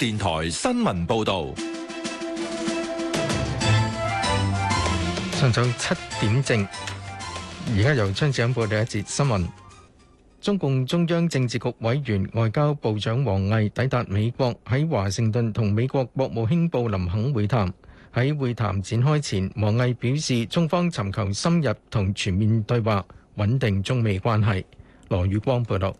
電台新聞報道，上晝七點正，而家由張子欣報第一節新聞。中共中央政治局委員、外交部長王毅抵達美國，喺華盛頓同美國國務卿布林肯會談。喺會談展開前，王毅表示，中方尋求深入同全面對話，穩定中美關係。羅宇光報道。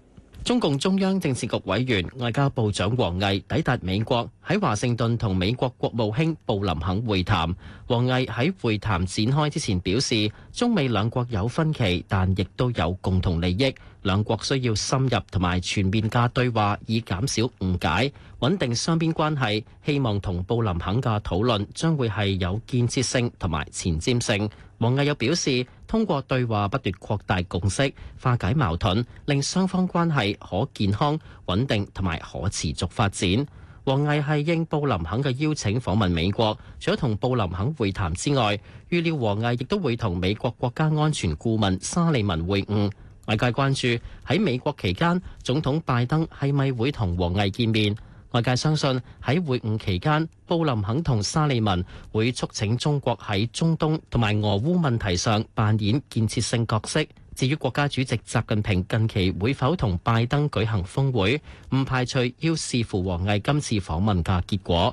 中共中央政治局委員、外交部長王毅抵達美國，喺華盛頓同美國國務卿布林肯會談，王毅喺會談展開之前表示，中美兩國有分歧，但亦都有共同利益。兩國需要深入同埋全面嘅對話，以減少誤解，穩定雙邊關係。希望同布林肯嘅討論將會係有建設性同埋前瞻性。王毅又表示，通過對話不斷擴大共識，化解矛盾，令雙方關係可健康、穩定同埋可持續發展。王毅係應布林肯嘅邀請訪問美國，除咗同布林肯會談之外，預料王毅亦都會同美國國家安全顧問沙利文會晤。外界關注喺美國期間，總統拜登係咪會同王毅見面？外界相信喺會晤期間，布林肯同沙利文會促請中國喺中東同埋俄烏問題上扮演建設性角色。至於國家主席習近平近期會否同拜登舉行峰會，唔排除要視乎王毅今次訪問嘅結果。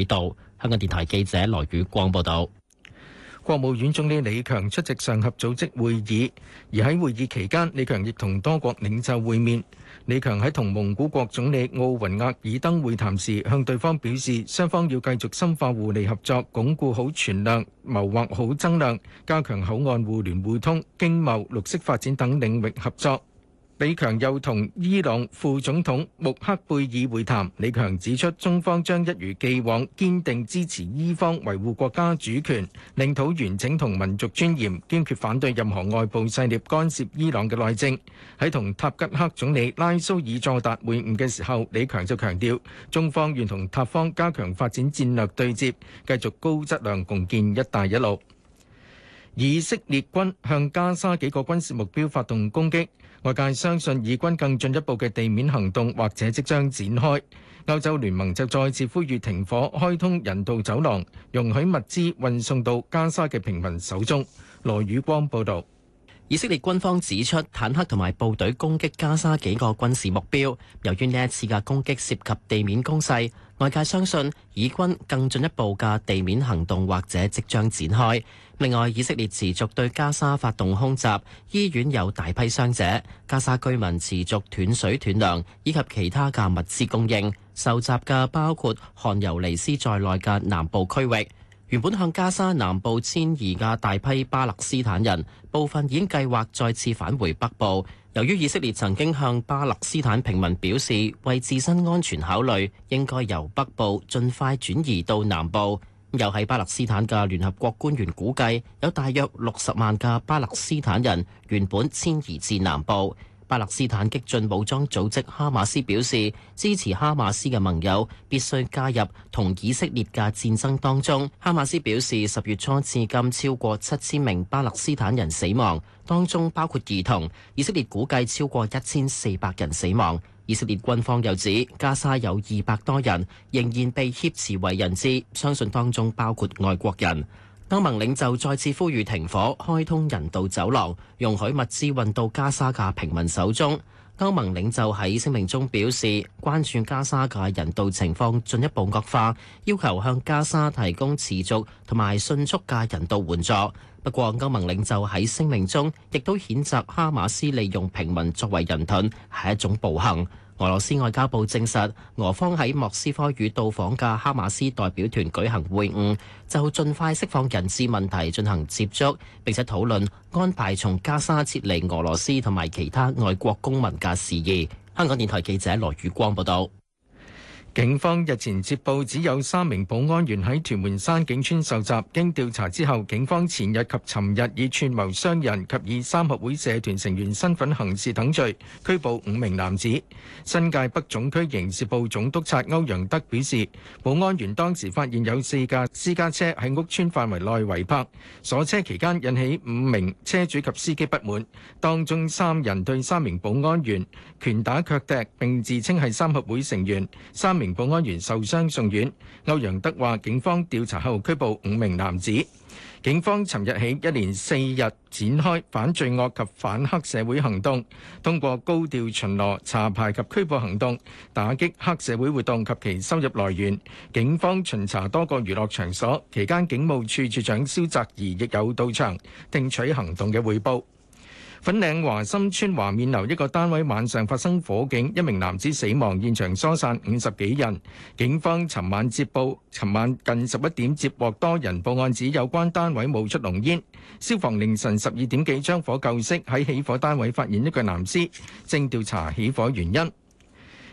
喺度香港電台記者羅宇光報道，國務院總理李強出席上合組織會議，而喺會議期間，李強亦同多國領袖會面。李強喺同蒙古國總理奧雲額爾登會談時，向對方表示，雙方要繼續深化互利合作，鞏固好存量，謀劃好增量，加強口岸互聯互通、經貿、綠色發展等領域合作。李強又同伊朗副總統穆克貝爾會談。李強指出，中方將一如既往堅定支持伊方維護國家主權、領土完整同民族尊嚴，堅決反對任何外部勢力干涉伊朗嘅內政。喺同塔吉克總理拉蘇爾佐達會晤嘅時候，李強就強調，中方願同塔方加強發展戰略對接，繼續高質量共建“一帶一路”。以色列軍向加沙幾個軍事目標發動攻擊。外界相信以軍更進一步嘅地面行動或者即將展開。歐洲聯盟就再次呼籲停火、開通人道走廊，容許物資運送到加沙嘅平民手中。羅宇光報導。以色列軍方指出，坦克同埋部隊攻擊加沙幾個軍事目標，由於呢一次嘅攻擊涉及地面攻勢。外界相信以軍更進一步嘅地面行動或者即將展開，另外，以色列持續對加沙發動空襲，醫院有大批傷者，加沙居民持續斷水斷糧以及其他嘅物資供應。受襲嘅包括汗尤尼斯在內嘅南部區域。原本向加沙南部遷移嘅大批巴勒斯坦人，部分已經計劃再次返回北部。由於以色列曾經向巴勒斯坦平民表示，為自身安全考慮，應該由北部盡快轉移到南部。又喺巴勒斯坦嘅聯合國官員估計，有大約六十萬嘅巴勒斯坦人原本遷移至南部。巴勒斯坦激進武裝組織哈馬斯表示，支持哈馬斯嘅盟友必須加入同以色列嘅戰爭當中。哈馬斯表示，十月初至今超過七千名巴勒斯坦人死亡，當中包括兒童。以色列估計超過一千四百人死亡。以色列軍方又指，加沙有二百多人仍然被挾持為人質，相信當中包括外國人。歐盟領袖再次呼籲停火，開通人道走廊，容許物資運到加沙嘅平民手中。歐盟領袖喺聲明中表示，關注加沙嘅人道情況進一步惡化，要求向加沙提供持續同埋迅速嘅人道援助。不過，歐盟領袖喺聲明中亦都譴責哈馬斯利用平民作為人盾，係一種暴行。俄羅斯外交部證實，俄方喺莫斯科與到訪嘅哈馬斯代表團舉行會晤，就盡快釋放人質問題進行接觸，並且討論安排從加沙撤離俄羅斯同埋其他外國公民嘅事宜。香港電台記者羅宇光報道。警方日前接報，只有三名保安員喺屯門山景村受襲。經調查之後，警方前日及尋日以串謀傷人及以三合會社團成員身份行事等罪，拘捕五名男子。新界北總區刑事部總督察歐陽德表示，保安員當時發現有四架私家車喺屋村範圍內圍泊，鎖車期間引起五名車主及司機不滿，當中三人對三名保安員拳打腳踢，並自稱係三合會成員。三名保安員受傷送院。歐陽德話，警方調查後拘捕五名男子。警方尋日起一連四日展開反罪惡及反黑社會行動，通過高調巡邏、查牌及拘捕行動，打擊黑社會活動及其收入來源。警方巡查多個娛樂場所期間，警務處處長蕭澤頤亦有到場，聽取行動嘅匯報。粉嶺華心邨華面樓一個單位晚上發生火警，一名男子死亡，現場疏散五十幾人。警方尋晚接報，尋晚近十一點接獲多人報案，指有關單位冒出濃煙。消防凌晨十二點幾將火救熄，喺起火單位發現一個男屍，正調查起火原因。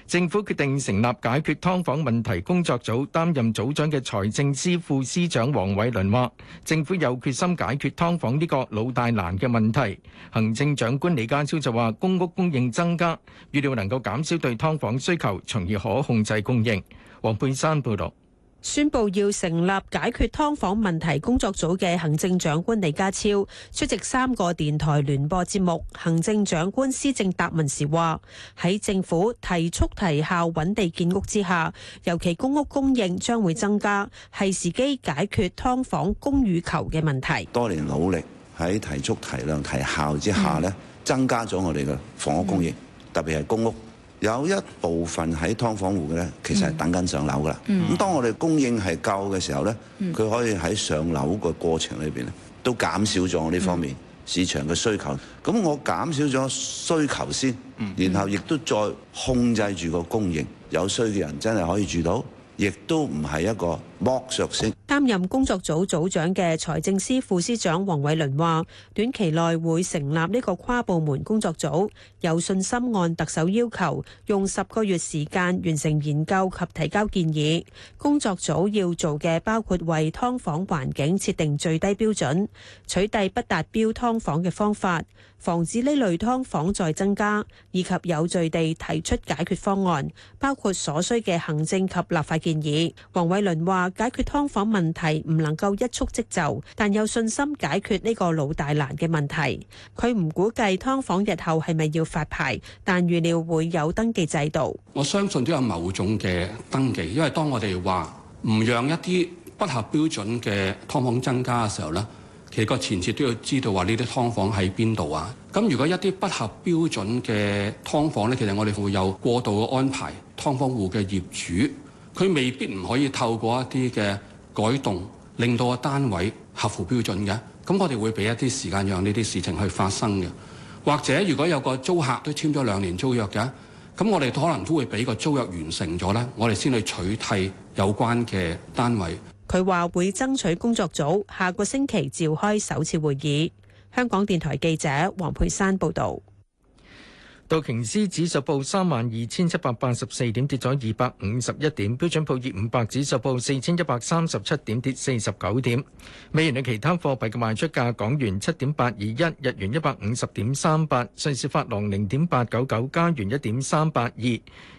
政府決定成立解決劏房問題工作組，擔任組長嘅財政司副司長黃偉綸話：政府有決心解決劏房呢個老大難嘅問題。行政長官李家超就話：公屋供應增加，預料能夠減少對劏房需求，從而可控制供應。黃佩山報道。宣布要成立解決劏房問題工作組嘅行政長官李家超出席三個電台聯播節目，行政長官施政答問時話：喺政府提速提效揾地建屋之下，尤其公屋供應將會增加，係時機解決劏房供與求嘅問題。多年努力喺提速提量提效之下呢增加咗我哋嘅房屋供應，特別係公屋。有一部分喺劏房戶嘅咧，其實係等緊上樓噶啦。咁、mm hmm. 當我哋供應係夠嘅時候咧，佢、mm hmm. 可以喺上樓個過程裏邊咧，都減少咗我呢方面、mm hmm. 市場嘅需求。咁我減少咗需求先，然後亦都再控制住個供應。有需要嘅人真係可以住到，亦都唔係一個。樸實性。擔任工作組組長嘅財政司副司長黃偉綸話：短期內會成立呢個跨部門工作組，有信心按特首要求，用十個月時間完成研究及提交建議。工作組要做嘅包括為劏房環境設定最低標準，取締不達標劏房嘅方法，防止呢類劏房再增加，以及有序地提出解決方案，包括所需嘅行政及立法建議。黃偉綸話。解決劏房問題唔能夠一蹴即就，但有信心解決呢個老大難嘅問題。佢唔估計劏房日後係咪要發牌，但預料會有登記制度。我相信都有某種嘅登記，因為當我哋話唔讓一啲不合標準嘅劏房增加嘅時候呢，其實個前設都要知道話呢啲劏房喺邊度啊。咁如果一啲不合標準嘅劏房呢，其實我哋會有過度嘅安排，劏房戶嘅業主。佢未必唔可以透過一啲嘅改動令到個單位合乎標準嘅。咁我哋會俾一啲時間讓呢啲事情去發生嘅。或者如果有個租客都簽咗兩年租約嘅，咁我哋可能都會俾個租約完成咗咧，我哋先去取締有關嘅單位。佢話會爭取工作組下個星期召開首次會議。香港電台記者黃佩珊報道。道瓊斯指數報三萬二千七百八十四點，跌咗二百五十一點；標準普爾五百指數報四千一百三十七點，跌四十九點。美元嘅其他貨幣嘅賣出價：港元七點八二一，日元一百五十點三八，瑞士法郎零點八九九，加元一點三八二。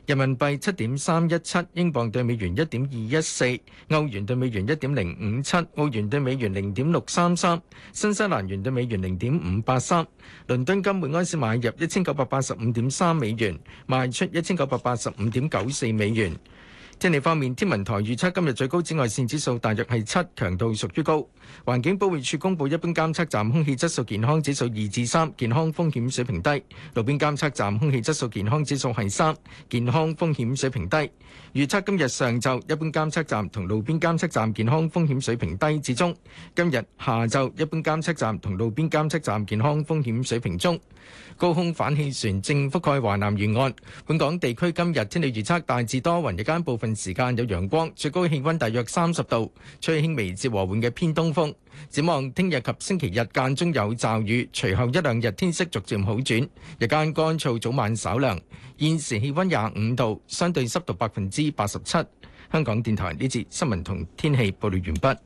人民幣七點三一七，英鎊對美元一點二一四，歐元對美元一點零五七，澳元對美元零點六三三，新西蘭元對美元零點五八三。倫敦金每安士買入一千九百八十五點三美元，賣出一千九百八十五點九四美元。天氣方面，天文台預測今日最高紫外線指數大約係七，強度屬於高。環境保護署公布一般監測站空氣質素健康指數二至三，健康風險水平低；路邊監測站空氣質素健康指數係三，健康風險水平低。預測今日上晝一般監測站同路邊監測站健康風險水平低至中；今日下晝一般監測站同路邊監測站健康風險水平中。高空反氣旋正覆蓋華南沿岸，本港地區今日天氣預測大致多雲，日間部分。時間有陽光，最高氣温大約三十度，吹輕微至和緩嘅偏東風。展望聽日及星期日間中有驟雨，隨後一兩日天色逐漸好轉，日間乾燥，早晚稍涼。現時氣溫廿五度，相對濕度百分之八十七。香港電台呢節新聞同天氣報料完畢。